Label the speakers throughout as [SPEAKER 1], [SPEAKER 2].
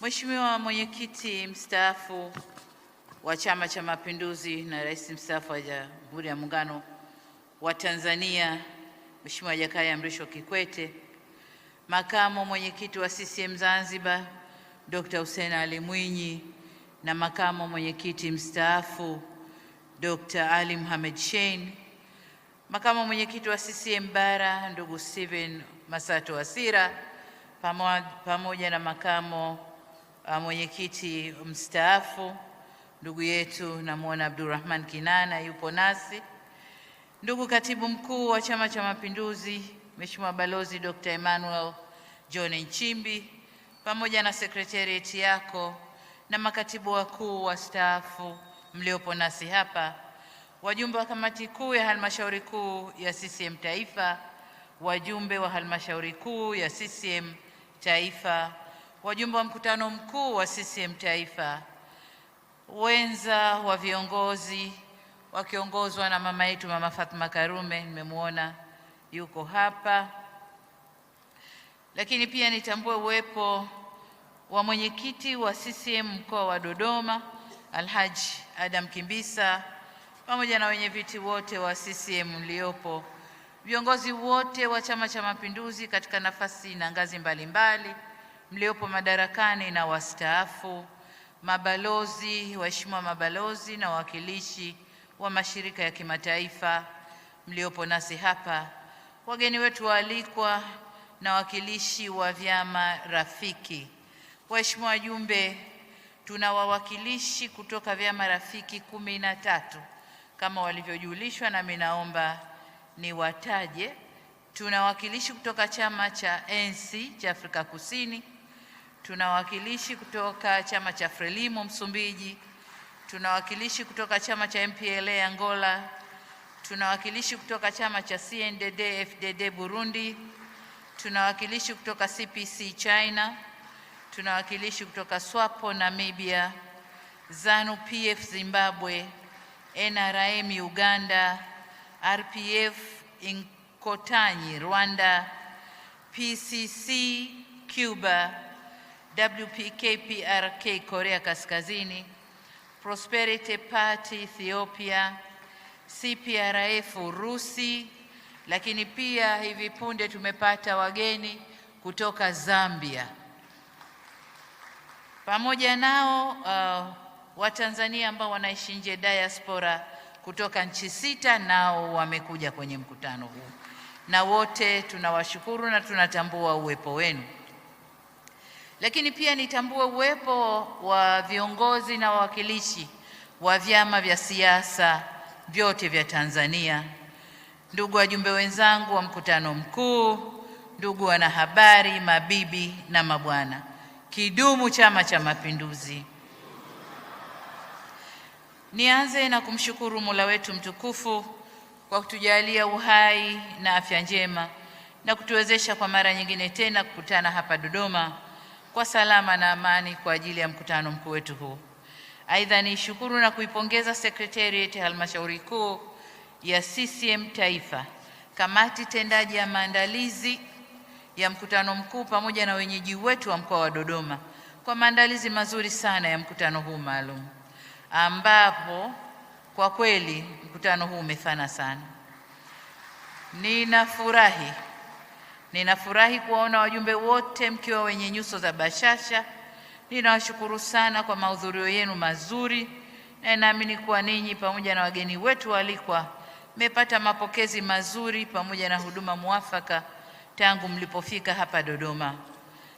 [SPEAKER 1] Mheshimiwa mwenyekiti mstaafu wa Chama cha Mapinduzi na rais mstaafu wa Jamhuri ya Muungano wa Tanzania Mheshimiwa Jakaya Mrisho Kikwete, makamo mwenyekiti wa CCM Zanzibar Dr. Hussein Ali Mwinyi na makamo mwenyekiti mstaafu Dr. Ali Mohamed Shein, makamo mwenyekiti wa CCM Bara ndugu Steven Masato Asira pamoja na makamo Ah, mwenyekiti mstaafu ndugu yetu namwona Abdurrahman Kinana yupo nasi, ndugu katibu mkuu wa Chama cha Mapinduzi Mheshimiwa Balozi Dr. Emmanuel John Nchimbi pamoja na sekretarieti yako na makatibu wakuu wastaafu mliopo nasi hapa, wajumbe wa kamati kuu ya halmashauri kuu ya CCM Taifa, wajumbe wa halmashauri kuu ya CCM Taifa wajumbe wa mkutano mkuu wa CCM Taifa, wenza wa viongozi wakiongozwa na mama yetu Mama Fatma Karume, nimemwona yuko hapa, lakini pia nitambue uwepo wa mwenyekiti wa CCM mkoa wa Dodoma Alhaji Adam Kimbisa pamoja na wenyeviti wote wa CCM mliopo, viongozi wote wa Chama cha Mapinduzi katika nafasi na ngazi mbalimbali mbali mliopo madarakani na wastaafu, mabalozi, waheshimiwa mabalozi na wawakilishi wa mashirika ya kimataifa mliopo nasi hapa, wageni wetu waalikwa na wawakilishi wa vyama rafiki, waheshimiwa wajumbe, tuna wawakilishi kutoka vyama rafiki kumi na tatu kama walivyojulishwa, nami naomba niwataje. Tuna wawakilishi kutoka chama cha ANC cha Afrika Kusini tuna wawakilishi kutoka chama cha Frelimo Msumbiji, tuna wawakilishi kutoka chama cha MPLA Angola, tuna wawakilishi kutoka chama cha CNDD FDD Burundi, tuna wawakilishi kutoka CPC China, tuna wawakilishi kutoka SWAPO Namibia, ZANU PF Zimbabwe, NRM Uganda, RPF Inkotanyi Rwanda, PCC Cuba WPKPRK Korea Kaskazini, Prosperity Party Ethiopia, CPRF Urusi, lakini pia hivi punde tumepata wageni kutoka Zambia. Pamoja nao uh, Watanzania ambao wanaishi nje diaspora kutoka nchi sita nao wamekuja kwenye mkutano huu, na wote tunawashukuru na tunatambua uwepo wenu. Lakini pia nitambue uwepo wa viongozi na wawakilishi wa vyama vya siasa vyote vya Tanzania, ndugu wajumbe wenzangu wa mkutano mkuu, ndugu wanahabari, mabibi na mabwana, kidumu Chama cha Mapinduzi! Nianze na kumshukuru Mola wetu mtukufu kwa kutujalia uhai na afya njema na kutuwezesha kwa mara nyingine tena kukutana hapa Dodoma kwa salama na amani kwa ajili ya mkutano mkuu wetu huu. Aidha, niishukuru na kuipongeza Sekretarieti ya Halmashauri Kuu ya CCM Taifa, kamati tendaji ya maandalizi ya mkutano mkuu pamoja na wenyeji wetu wa mkoa wa Dodoma kwa maandalizi mazuri sana ya mkutano huu maalum, ambapo kwa kweli mkutano huu umefana sana. Ninafurahi Ninafurahi kuwaona wajumbe wote mkiwa wenye nyuso za bashasha. Ninawashukuru sana kwa mahudhurio yenu mazuri, na naamini kuwa ninyi pamoja na wageni wetu waalikwa mmepata mapokezi mazuri pamoja na huduma mwafaka tangu mlipofika hapa Dodoma.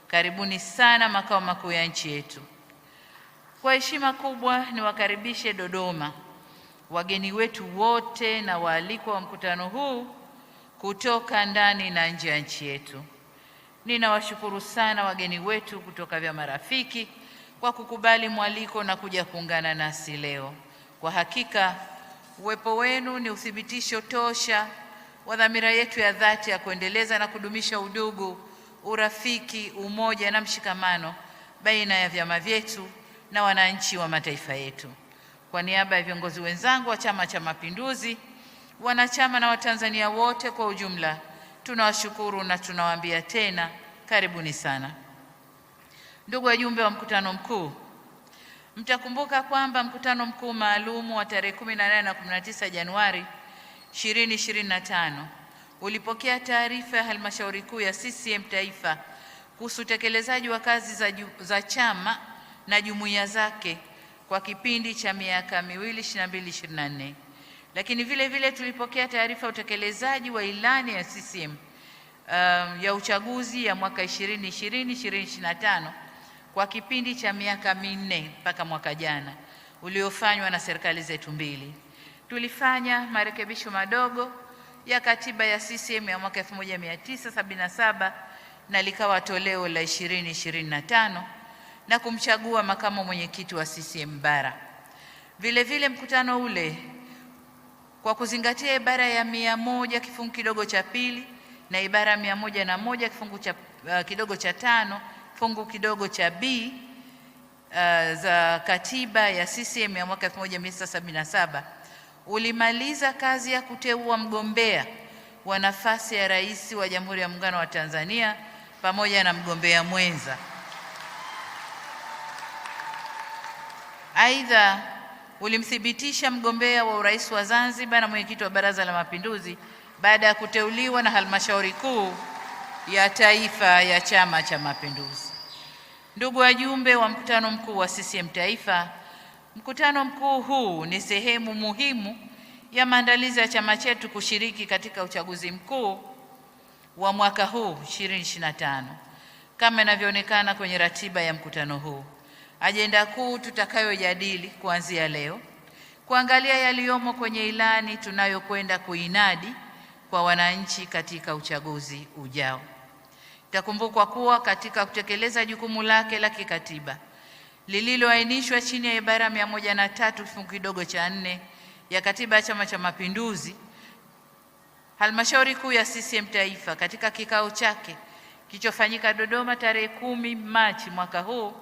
[SPEAKER 1] Karibuni sana makao makuu ya nchi yetu. Kwa heshima kubwa niwakaribishe Dodoma wageni wetu wote na waalikwa wa mkutano huu kutoka ndani na nje ya nchi yetu. Ninawashukuru sana wageni wetu kutoka vyama rafiki kwa kukubali mwaliko na kuja kuungana nasi leo. Kwa hakika uwepo wenu ni uthibitisho tosha wa dhamira yetu ya dhati ya kuendeleza na kudumisha udugu, urafiki, umoja na mshikamano baina ya vyama vyetu na wananchi wa mataifa yetu. Kwa niaba ya viongozi wenzangu wa Chama cha Mapinduzi wanachama na Watanzania wote kwa ujumla, tunawashukuru na tunawaambia tena karibuni sana. Ndugu wajumbe wa mkutano mkuu, mtakumbuka kwamba mkutano mkuu maalum wa tarehe 18 na 19 Januari 2025 ulipokea taarifa ya halmashauri kuu ya CCM Taifa kuhusu utekelezaji wa kazi za, ju, za chama na jumuiya zake kwa kipindi cha miaka miwili 22 24. Lakini vile vile tulipokea taarifa ya utekelezaji wa ilani ya CCM um, ya uchaguzi ya mwaka 2020 2025 kwa kipindi cha miaka minne mpaka mwaka jana uliofanywa na serikali zetu mbili. Tulifanya marekebisho madogo ya katiba ya CCM ya mwaka 1977 na likawa toleo la 2025 na kumchagua makamu mwenyekiti wa CCM bara. Vile vile mkutano ule kwa kuzingatia ibara ya mia moja kifungu kidogo cha pili na ibara ya mia moja na moja kifungu cha, uh, kidogo cha tano kifungu kidogo cha b uh, za katiba ya CCM ya mwaka 1977 ulimaliza kazi ya kuteua mgombea wa nafasi ya rais wa Jamhuri ya Muungano wa Tanzania pamoja na mgombea mwenza. Aidha, ulimthibitisha mgombea wa urais wa Zanzibar na mwenyekiti wa Baraza la Mapinduzi baada ya kuteuliwa na Halmashauri Kuu ya Taifa ya Chama cha Mapinduzi. Ndugu wajumbe wa mkutano mkuu wa CCM Taifa, mkutano mkuu huu ni sehemu muhimu ya maandalizi ya chama chetu kushiriki katika uchaguzi mkuu wa mwaka huu 2025 kama inavyoonekana kwenye ratiba ya mkutano huu ajenda kuu tutakayojadili kuanzia leo, kuangalia yaliyomo kwenye ilani tunayokwenda kuinadi kwa wananchi katika uchaguzi ujao. Itakumbukwa kuwa katika kutekeleza jukumu lake la kikatiba lililoainishwa chini ya ibara mia moja na tatu kifungu kidogo cha nne ya Katiba ya Chama cha Mapinduzi, Halmashauri Kuu ya CCM Taifa katika kikao chake kilichofanyika Dodoma tarehe kumi Machi mwaka huu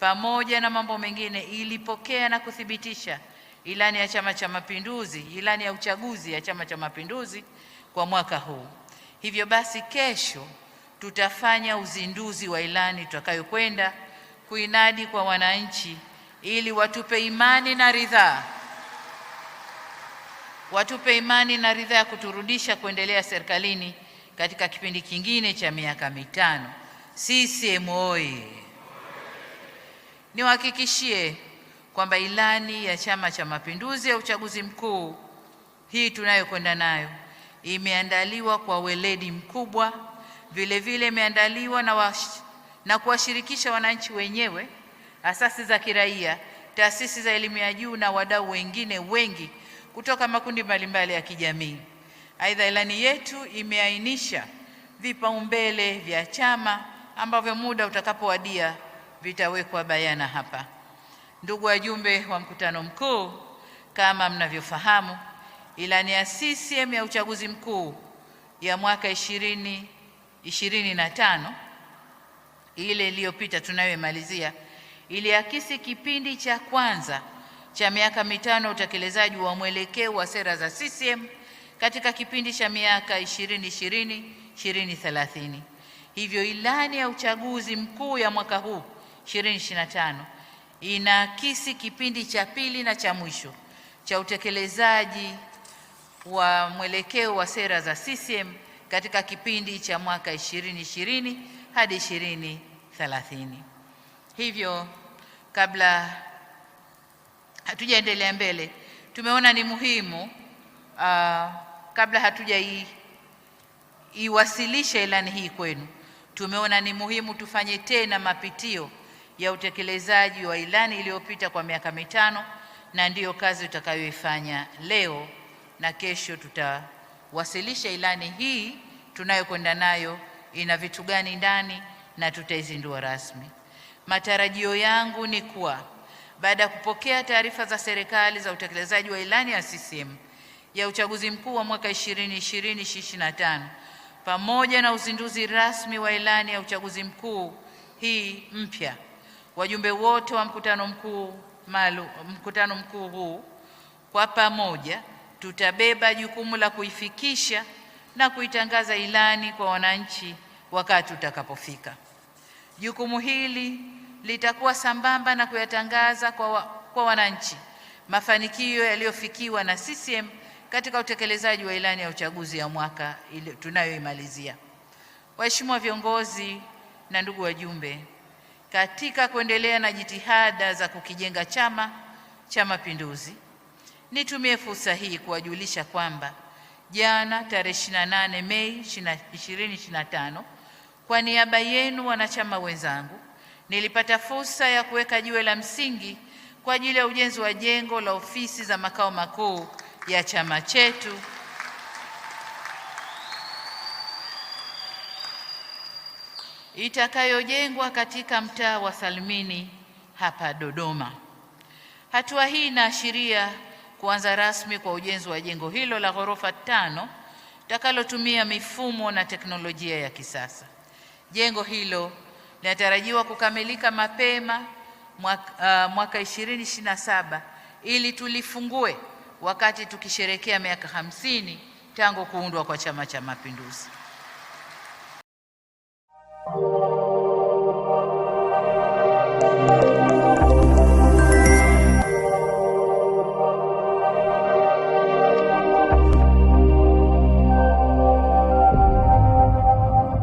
[SPEAKER 1] pamoja na mambo mengine, ilipokea na kuthibitisha ilani ya Chama cha Mapinduzi, ilani ya uchaguzi ya Chama cha Mapinduzi kwa mwaka huu. Hivyo basi, kesho tutafanya uzinduzi wa ilani tutakayokwenda kuinadi kwa wananchi ili watupe imani na ridhaa, watupe imani na ridhaa ya kuturudisha kuendelea serikalini katika kipindi kingine cha miaka mitano. CCM oyee! niwahakikishie kwamba ilani ya Chama cha Mapinduzi ya uchaguzi mkuu hii tunayokwenda nayo imeandaliwa kwa weledi mkubwa, vile vile imeandaliwa na, wa, na kuwashirikisha wananchi wenyewe, asasi za kiraia, taasisi za elimu ya juu na wadau wengine wengi kutoka makundi mbalimbali ya kijamii. Aidha, ilani yetu imeainisha vipaumbele vya chama ambavyo muda utakapowadia vitawekwa bayana hapa. Ndugu wajumbe wa mkutano mkuu, kama mnavyofahamu, ilani ya CCM ya uchaguzi mkuu ya mwaka 25 ile iliyopita tunayoimalizia iliakisi kipindi cha kwanza cha miaka mitano utekelezaji wa mwelekeo wa sera za CCM katika kipindi cha miaka 2020 2030. Hivyo ilani ya uchaguzi mkuu ya mwaka huu 2025 inaakisi kipindi cha pili na cha mwisho cha utekelezaji wa mwelekeo wa sera za CCM katika kipindi cha mwaka 2020 hadi 2030. Hivyo, kabla hatujaendelea mbele, tumeona ni muhimu uh, kabla hatujaiwasilisha ilani hii kwenu, tumeona ni muhimu tufanye tena mapitio ya utekelezaji wa ilani iliyopita kwa miaka mitano, na ndiyo kazi utakayoifanya leo na kesho. Tutawasilisha ilani hii tunayokwenda nayo ina vitu gani ndani, na tutaizindua rasmi. Matarajio yangu ni kuwa baada ya kupokea taarifa za serikali za utekelezaji wa ilani ya CCM ya uchaguzi mkuu wa mwaka 2020 2025 pamoja na uzinduzi rasmi wa ilani ya uchaguzi mkuu hii mpya wajumbe wote wa mkutano mkuu malu, mkutano mkuu huu kwa pamoja tutabeba jukumu la kuifikisha na kuitangaza ilani kwa wananchi wakati utakapofika. Jukumu hili litakuwa sambamba na kuyatangaza kwa, wa, kwa wananchi mafanikio yaliyofikiwa na CCM katika utekelezaji wa ilani ya uchaguzi ya mwaka tunayoimalizia. Waheshimiwa viongozi na ndugu wajumbe katika kuendelea na jitihada za kukijenga Chama cha Mapinduzi, nitumie fursa hii kuwajulisha kwamba jana tarehe 28 Mei 2025, kwa niaba yenu wanachama wenzangu, nilipata fursa ya kuweka jiwe la msingi kwa ajili ya ujenzi wa jengo la ofisi za makao makuu ya chama chetu. itakayojengwa katika mtaa wa Salimini hapa Dodoma. Hatua hii inaashiria kuanza rasmi kwa ujenzi wa jengo hilo la ghorofa tano takalotumia mifumo na teknolojia ya kisasa. Jengo hilo linatarajiwa kukamilika mapema mwaka, uh, mwaka 2027 ili tulifungue wakati tukisherekea miaka hamsini tangu kuundwa kwa Chama cha Mapinduzi.